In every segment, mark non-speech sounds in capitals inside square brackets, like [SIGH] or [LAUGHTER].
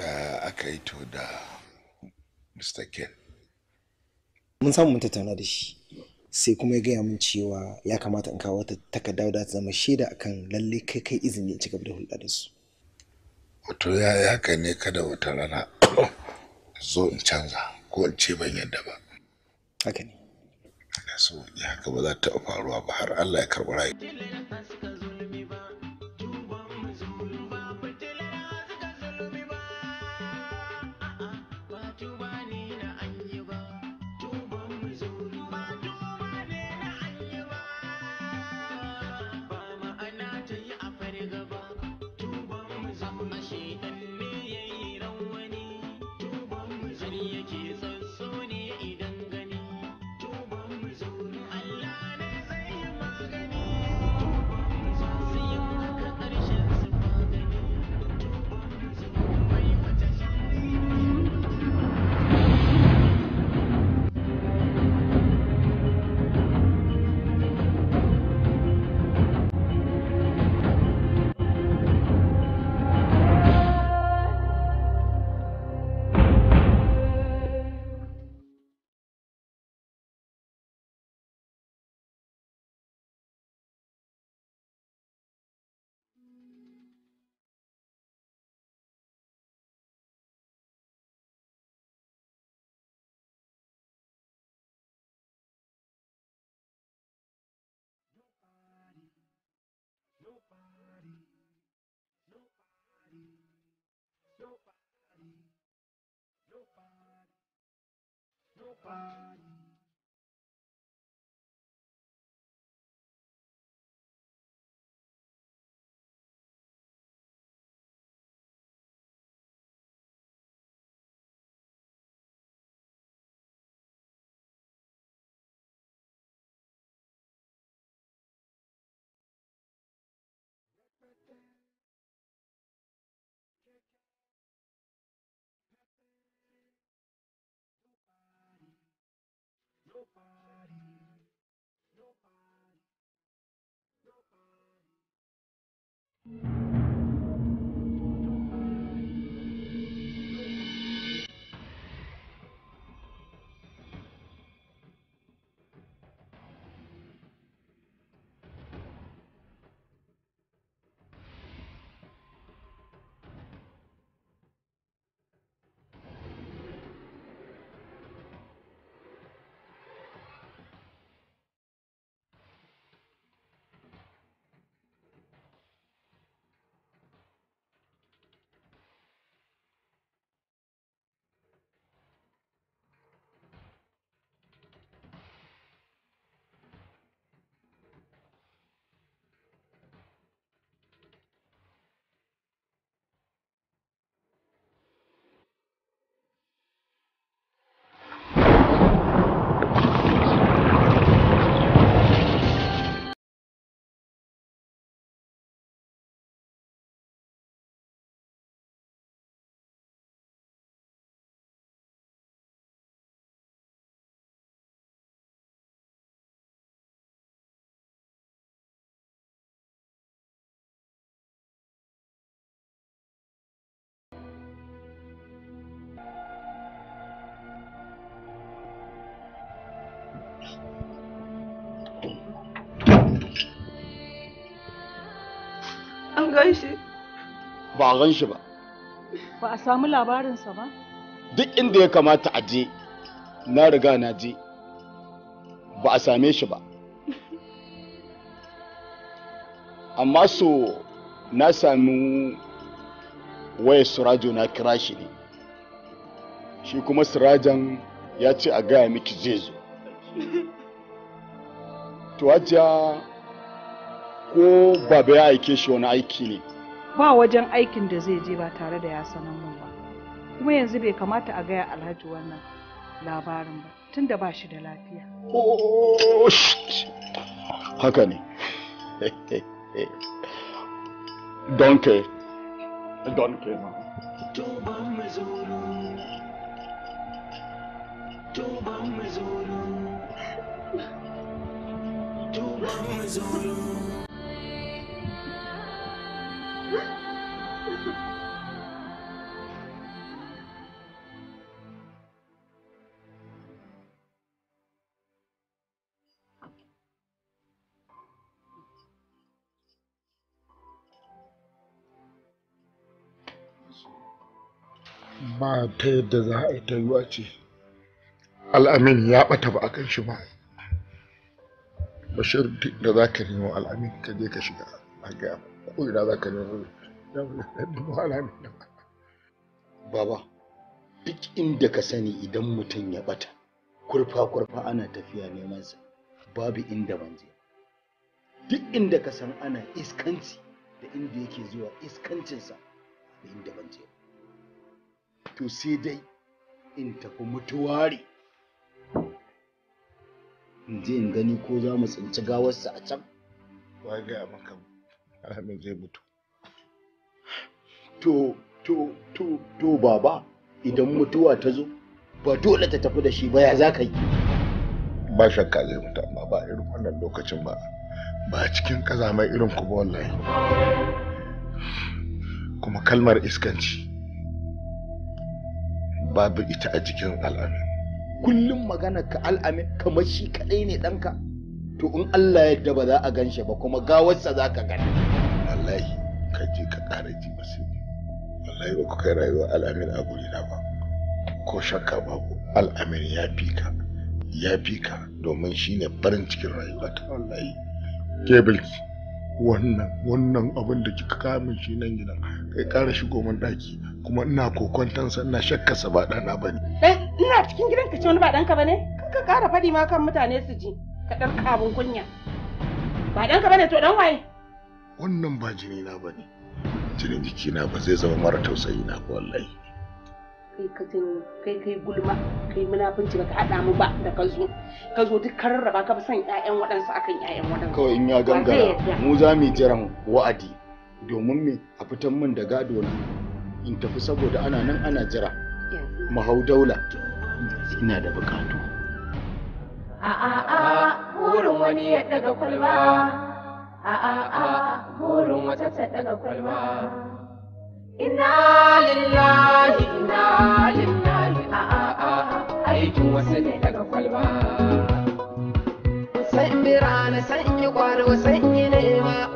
da eh, aka yi to da mr ken mun samu mun tattauna da shi sai kuma ya gaya min cewa ya kamata in kawo wata takarda da ta zama shaida akan lalle kai kai izini ci gaba da hulɗa da su wato ya yi haka ne kada wata rana zo in canza ko in ce ban yadda ba haka ne so ya haka ba za ta faruwa ba har Allah ya karɓi rayu body. ba a gan shi ba ba a samu labarinsa ba duk inda ya kamata a je na riga na je ba a same shi ba amma so na sami waya surajo na kira shi ne shi kuma surajan ya ce a gaya miki zai zo to hajiya ko ba ya aike shi wani aiki ne ba wajen aikin da zai je ba tare da ya sanar mun ba kuma yanzu bai kamata a gaya alhaji wannan labarin ba tunda ba shi da lafiya oh, haka ne don ke don ke ma Tuban mazuru, tuban mazuru. ba ta yadda za a yi ta yiwa ce al'amin ya ɓata ba a kan shi ba bashir da za ka nemo al'amin ka je ka shiga a ga ko'ina za ka nemo al'amin baba duk inda ka sani idan mutum ya ɓata kurfa-kurfa ana tafiya neman sa babu inda ban je duk inda ka san ana iskanci da inda yake zuwa iskancinsa da inda ban je to sai dai in tafi mutuwari in je in gani ko za mu tsinci gawarsa a can wa gaya maka alhamdulillah zai mutu to to to to baba idan mutuwa ta zo ba dole ta tafi da shi ba ya za ka yi ba shakka zai mutu amma ba irin wannan lokacin ba ba cikin mai irin ku ba wallahi kuma kalmar iskanci babu ita a jikin al'amin kullum magana ka al'amin kamar shi kadai ne ɗanka to in Allah yadda ba za a ganshi ba kuma gawarsa za ka gani wallahi ka je ka ƙara ji sai wallahi ba ku kai rayuwar al'amin a gurina ba ko shakka babu al'amin ya fi ka ya fi ka domin shine farin cikin rayuwa ta wallahi ke wannan wannan abin da kika kamin shi nan gidan kai ƙara shigo min ɗaki kuma ina kokontansa ina sa ba ɗana ba ne. Eh ina cikin gidan ka ce wani ba dan ba ne? Ka ƙara faɗi ma kan mutane su ji ka ɗan kabin kunya. Ba dan ba ne to dan waye? Wannan ba jini na ba ne. jiki jikina ba zai zama mara tausayi na wallahi. kai ka kai kai gulma kai munafunci ba ka hada mu ba da ka zo ka zo duk karraba ka ba san ƴaƴan waɗansu akan ƴaƴan waɗansu kawai in ya gangara mu za mu jiran wa'adi domin me a fitan min da gado na in tafi saboda ana nan ana jira mu daula ina da bukatu a a a burin wani ya daga kwalba a a a burin wata ta daga kwalba Ina lillahi ina lillahi a a a aikin wasu ne daga kwalba. Sai in bira na sanyi kwaro yi nema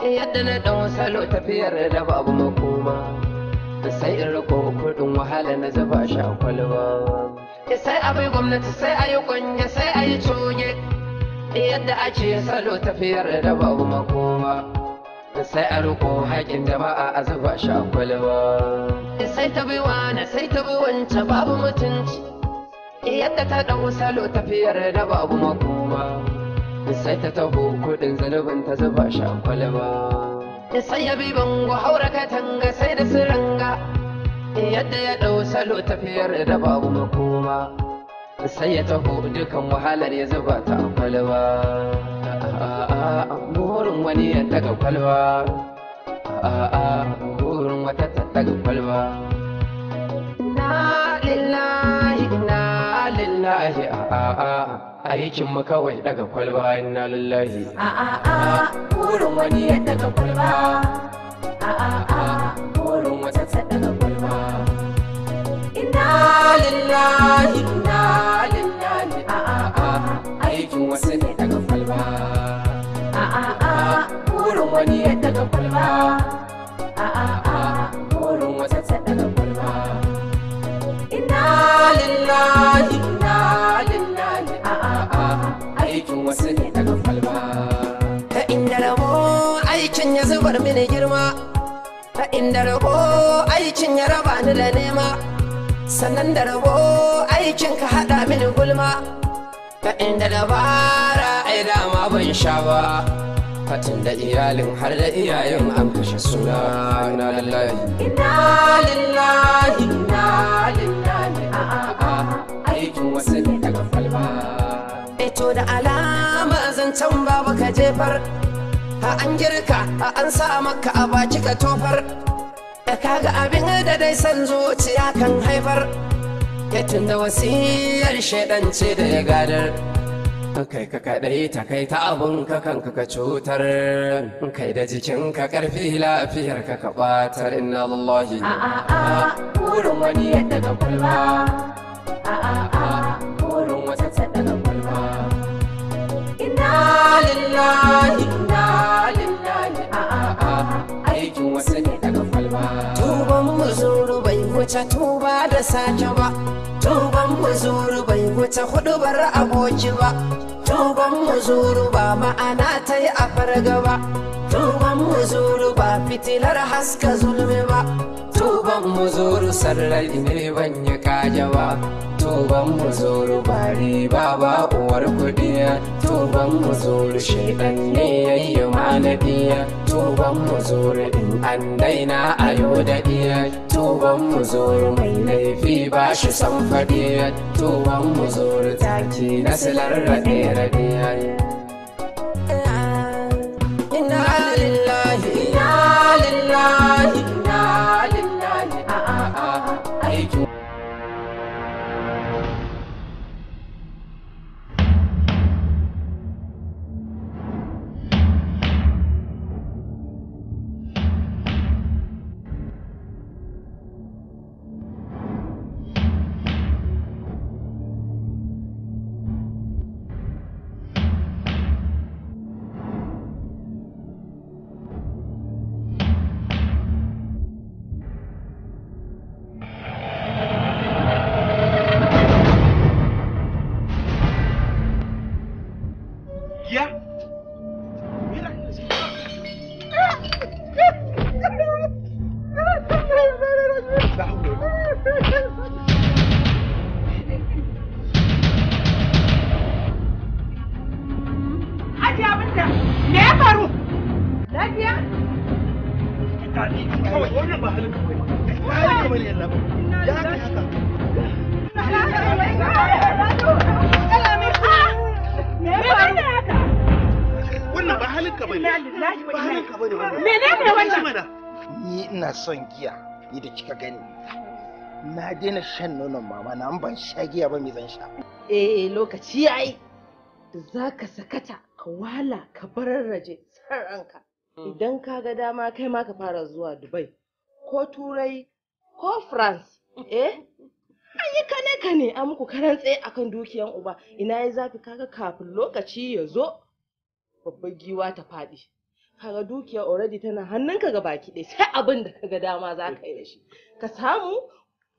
yadda na dan salo tafiyar da babu makoma. Sai in riko kudin wahala na zaba shi a kwalba. Sai abai gwamnati sai a yi kwanye sai a yi coge. Yadda ake salo tafiyar da babu makoma. sai a riko haƙin jama'a a zuba shi a kwalwa. Sai ta bi wani sai ta bi wancan babu mutunci, yadda ta ɗau salo tafiyar da babu makoma. Sai ta taho kuɗin zanubin ta zuba shi a kwalwa. Sai ya bi bango haura katanga sai da siranga, yadda ya ɗau salo tafiyar da babu makoma. sai ya taho dukan wahalar ya zuba ta a kwalwa burin wani ya daga kwalwa burin wata ta daga kwalwa na lillahi na lillahi yakin mu kawai daga kwalba na lillahi burin wani ya daga kwalba a burin wata ta daga kwalba inna lillahi wasu ne daga kwalba a a a burin wani ya daga kwalba a a a burin wata ta daga kwalba inna lillahi inna lillahi a a a aikin wasu ne daga kwalba ta inda rabo aikin ya zubar mini girma ta inda rabo aikin ya raba ni da nema sannan da rabo aikin ka haɗa mini gulma ta inda dabara ai ma ban sha ba fatin da iyalin har da iyayen an kashe suna na lillahi ina lillahi ina lillahi a aikin wasu daga falba eto da alama zancen babu ka jefar a an girka a an sa maka a baki ka tofar da kaga abin da dai san zuciya kan haifar ya tunda wasiyar shaidan ce da ya gadar kai ka kaɗai ta kai ta abun ka kanka ka cutar kai da jikin ka ƙarfi lafiyar ka ka ɓatar inna lallahi a a a wani yadda daga kulla a a a wata ta daga kulla inna lillahi inna lillahi a a a aikin wasu ne tuban muzuru bai wuce tuba da sake ba tuban muzuru bai wuce bar aboki ba tuban zuru ba ma'ana ta yi a farga ba tuban muzuru ba fitilar haska zulmi ba tuban zuru sarrari ne ban yi kaja ba tuban mu zoro bari baba uwar kudiya tuban mu zoro shedan ne yayyo manadiya tuban mu zoro in an daina ayo da tuban mu zoro mai laifi ba shi san fadiya tuban mu zoro taki na silar rade radiya daina shan nonon mama na ban sha giya ba mai zan sha eh, eh lokaci yayi Za ka sakata ka wala ka bararraje tsaranka ranka hmm. idan ka ga dama kai ma ka fara zuwa dubai ko turai ko france [LAUGHS] eh an yi kane kane an muku karan tsaye akan dukiyan uba ina yi zafi kaga kafin lokaci ya zo babbar giwa ta faɗi kaga dukiya already tana hannunka ga baki ɗaya sai abin da kaga dama za ka yi da shi ka samu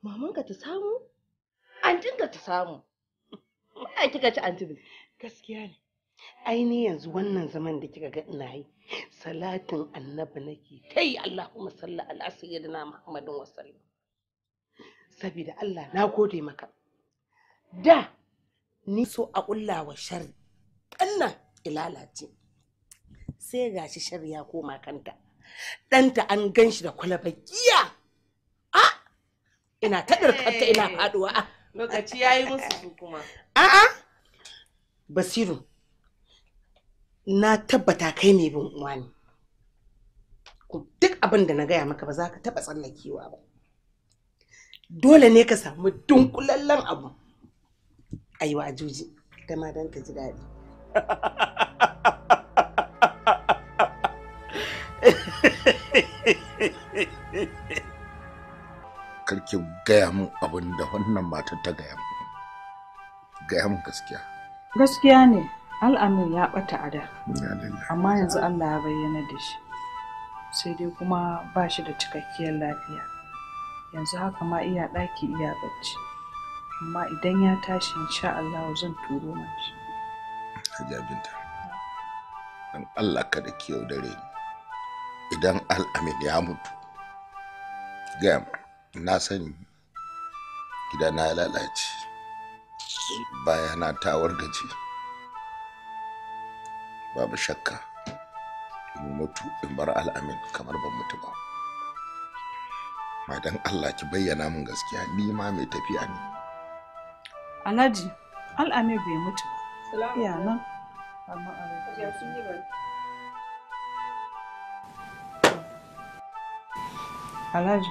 mamanka ta samu antinka ta samu ai kika ci antin gaskiya ne aini yanzu wannan zaman da kika ga ina yi salatin annabi nake ta yi Allahumma salli ala sayyidina Muhammadin wa sallam saboda Allah na gode maka da ni so a ƙulla wa shari ɗannan ilalace sai gashi shar ya koma kanta ɗanta an gan shi da kwalabar kwalabakiya ina ta ina eh, faduwa lokaci yayi musu su kuma a'a basiru na tabbata kai ne bin uwa ne duk abin da na gaya maka ba za ka taba tsallakewa ba dole ne ka samu dunkulallen abu aiwa ajuji ta ma don ji daɗi karki gaya mun abin da wannan matar ta gaya mun, gaya mun gaskiya gaskiya ne al'amin ya bata ada amma yanzu allah ya bayyana da shi sai dai kuma ba shi da cikakkiyar lafiya yanzu haka ma iya ɗaki iya bacci amma idan ya tashi insha allah zan turo mashi hajjabinta dan allah ka da kiyau dare idan al'amin ya mutu gaya na sani gidana ya lalace bayana tawar gaji, babu shakka in mutu in bar al'amin kamar ban mutu ba madan allah ki bayyana min gaskiya ni ma mai tafiya ne alhaji al'amin bai mutu ba nan alhaji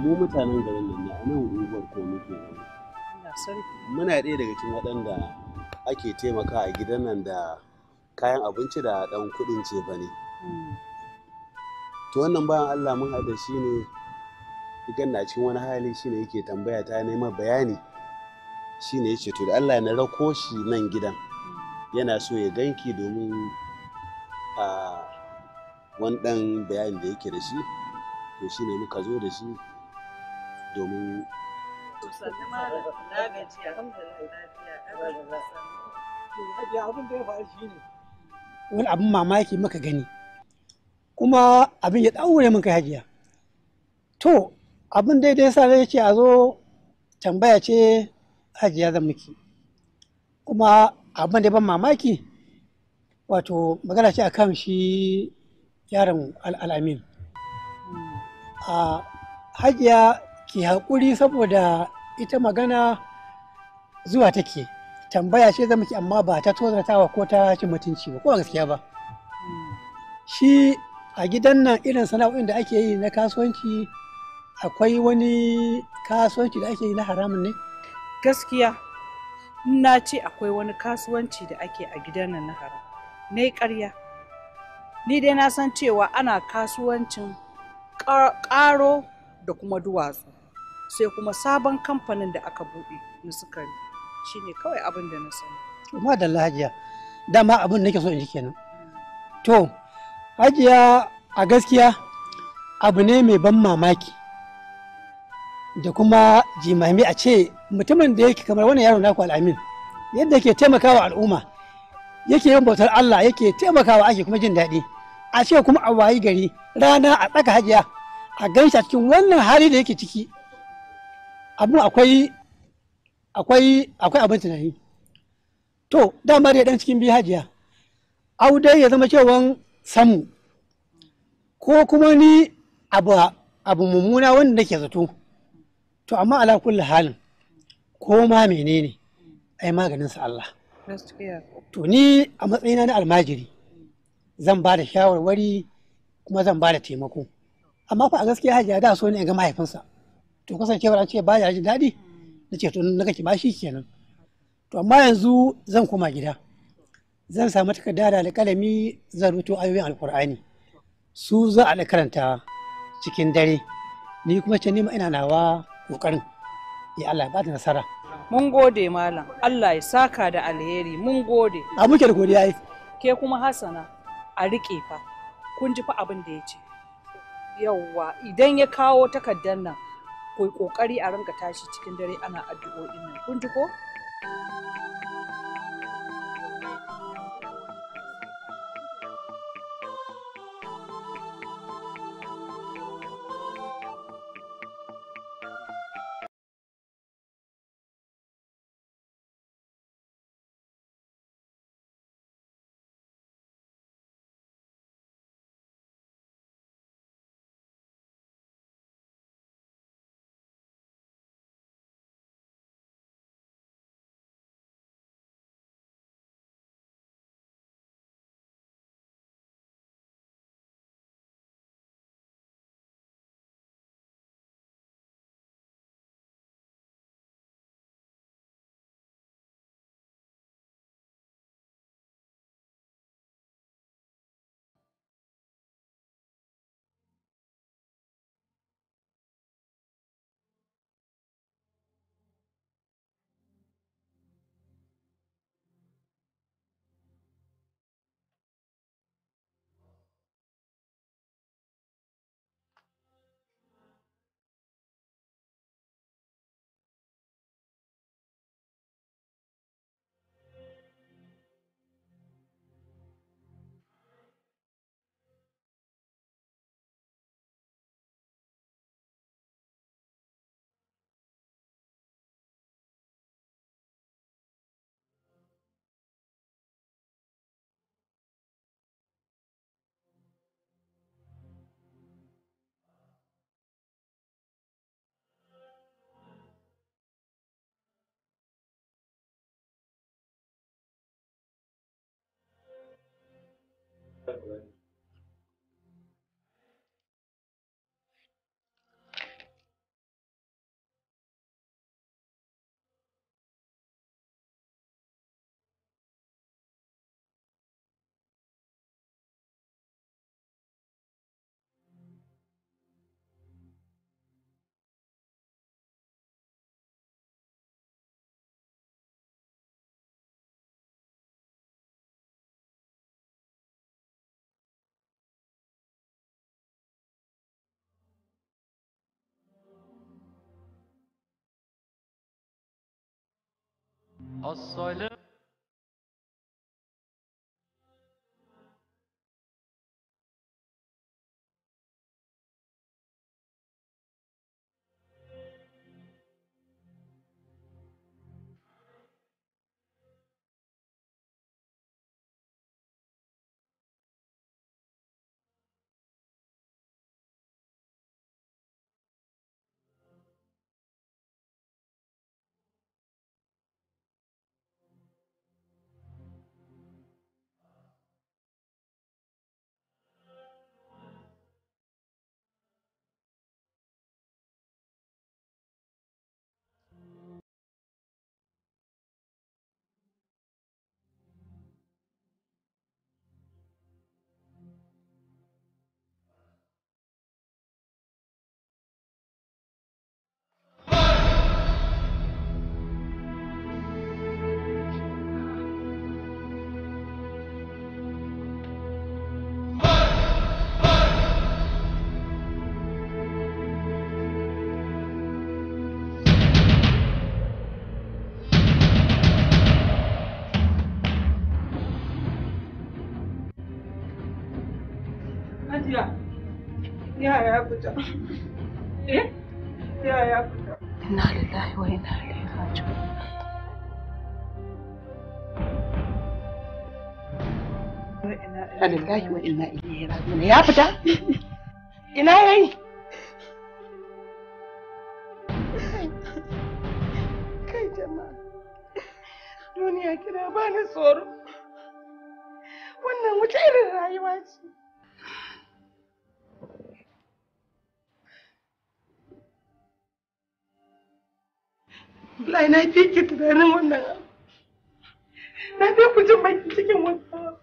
Mu mutanen garin nan ne nan unguwar ko muke zama. Muna ɗaya daga cikin waɗanda ake taimaka a gidan nan da kayan abinci da ɗan kuɗin ce ba ne. Hmm. To wannan bayan Allah mun haɗa shi ne idan na cikin wani hali shi ne yake tambaya ta neman bayani shi ne yace to da Allah na rako shi nan gidan hmm. yana so ya ganki domin a ah, wani ɗan bayani da yake da shi. to shi ne muka zo da shi domin wani abin mamaki muka gani kuma abin ya ɗaure muka hajiya to abin daidai sa ya ce a zo tambaya ce hajiya zan muki, kuma abin da ban mamaki wato magana ce akan shi yaron al'amin a hajiya ki haƙuri saboda ita magana zuwa take tambaya ce zama ki amma ba ta tozartawa ko ta ci mutunci ba ko gaskiya ba shi a gidan nan irin sana'o'in da ake yi na kasuwanci akwai wani kasuwanci da ake yi na haramun ne gaskiya na ce akwai wani kasuwanci da ake a gidan nan na haram ne ƙarya ni dai na san cewa ana kasuwancin ƙaro da kuma duwatsu sai kuma sabon kamfanin da aka buɗe na sukari ne kawai abin da na sani kuma da lahajiya dama abin nake so in ji kenan mm. to hajiya a gaskiya abu ne mai ban mamaki da kuma jimami a ce mutumin da yake kamar wani yaro naku al'amin yadda yake taimakawa al'umma yake yin bautar Allah yake taimakawa ake kuma jin daɗi a ce kuma a wayi gari rana a tsaka hajiya a gan shi a cikin wannan hali da yake ciki abin akwai akwai akwai abin tunani to dama dai dan cikin biyu hajiya au ya zama cewa samu ko kuma ni abu abu mummuna wanda nake zato to amma ala kulli halin ko ma menene ai maganin sa Allah to ni a matsayina na almajiri zan ba da shawarwari kuma zan ba da taimako amma fa a gaskiya hajiya da so ne ga mahaifinsa to kasancewar an ce ba ya ji daɗi na ce to na kake bashi kenan to amma yanzu zan koma gida zan samu takarda da alƙalami zan rubuto ayoyin alkur'ani su za a karanta cikin dare ni kuma ce nima ina nawa ƙoƙarin ya Allah ba ta nasara mun gode malam Allah ya saka da alheri mun gode a muke da godiya ke kuma hasana a riƙe fa kun ji fa abin da ya ce yawwa idan ya kawo takardar nan ku kokari a rinka tashi cikin dare ana addu'o'in nan kun ji ko February aus Säule ya fita eh ya fita inna lillahi wa inna ilaihi raji'un wa inna ilaihi raji'un ya fita ina yayi kai jama'a duniya kina bani tsoro wannan wuce irin rayuwa ce Wallahi na fi ki tunanin wannan abu. Na fi ku jin cikin wannan abu.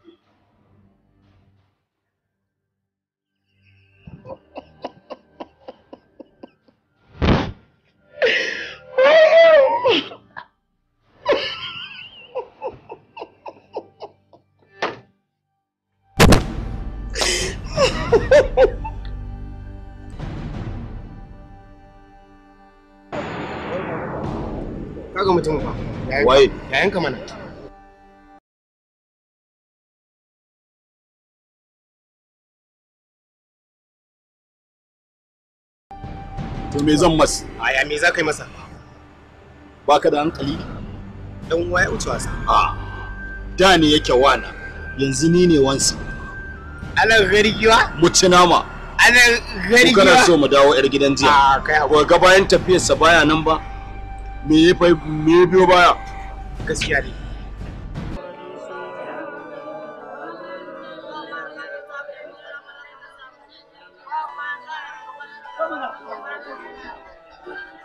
ga mutumin ba waye yayan ka mana to me zan masa aya me za ka yi masa ka da hankali dan waye wuce wasa a da ne yake wana yanzu ni ne wansa ana gargiwa muci nama ana gargiwa kana so mu dawo yar gidan jiya a kai gaba bayan tafiyarsa baya nan ba me yi fa me yi biyo baya gaskiya ne Thank you.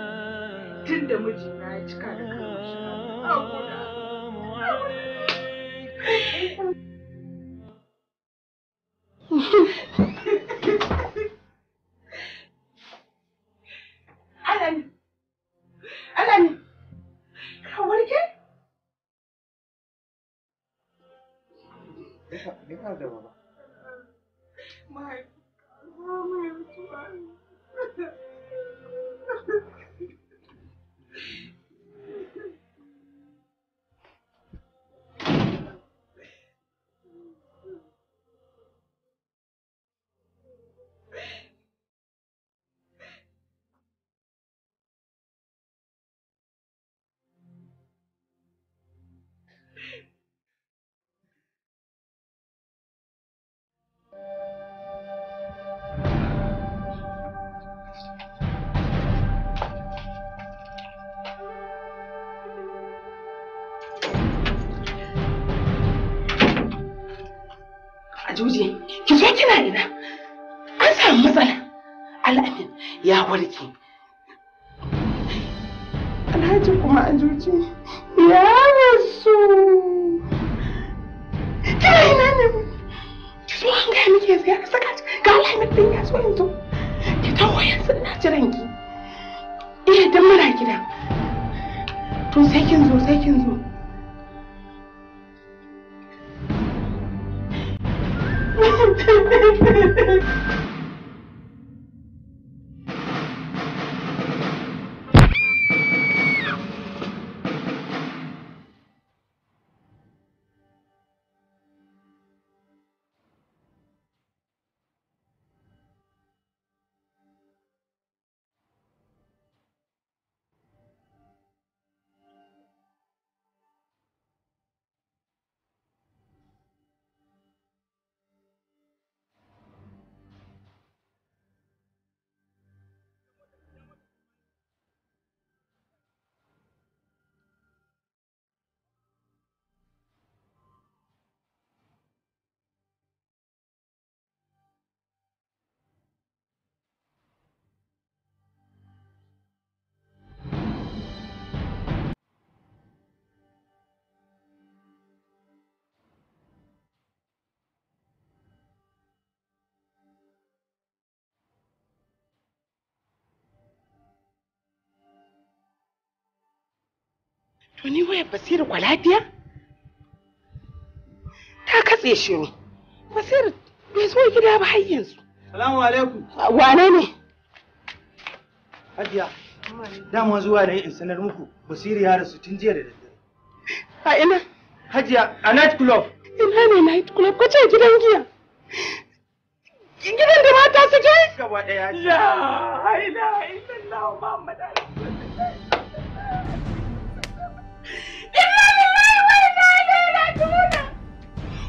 tun da mijina ya cika da kawo shi juje ki zo kina ina an samu matsala al'amin ya warke alhaji kuma a juje ya rasu kina ina ne ki zo an gaya miki yanzu ya saka kaji ga alhaji din ya zo yanzu ki tawo yanzu ina jiran ki iya dan muna gida to sai kin zo sai kin zo To ni waya basiru kwa lafiya? Ta katse shiru. Basiru bai zo gida ba har su. Salamu alaikum. Wane ne? Hajiya. Dama zuwa ne in sanar muku Basiru ya rasu tun jiya da daddare. A ina? Hajiya a night club. Ina ne night club? ce gidan giya. Gidan da mata su je? Gaba ɗaya. La ilaha illallah Muhammad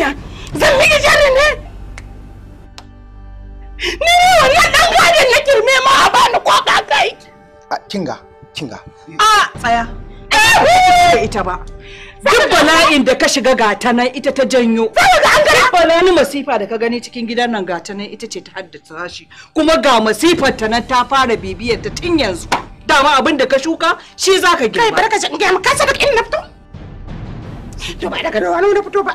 yarinya zan miki sharri ne ni ne wannan dan gadin nake nema a bani ko ka kai a kinga kinga a tsaya eh ita ba duk bala'in da ka shiga gata nan ita ta janyo saboda an duk ni masifa da ka gani cikin gidan nan gata nan ita ce ta haddasa shi kuma ga masifar ta nan ta fara bibiyar ta tun yanzu dama abin da ka shuka shi zaka girma kai barka ka ga ka sabak in nafto to ba daga wani na fito ba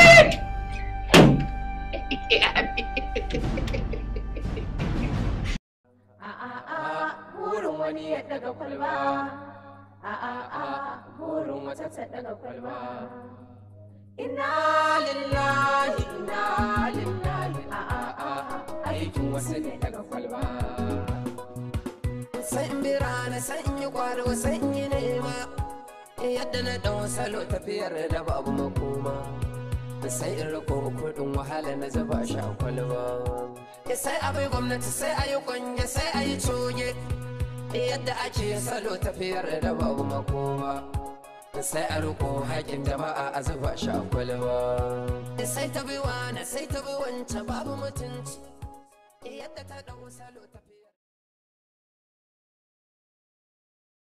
salo tafiyar da ba abu makoma sai in rako kudin wahala na zaba sha kwalba sai abai gwamnati sai ayi kwanje sai ayi coge yadda ake salo tafiyar da ba abu makoma sai a riko hakin jama'a a zuba shi a kwalba sai ta bi na sai ta bi wancan babu mutunci yadda ta dawo salo tafiyar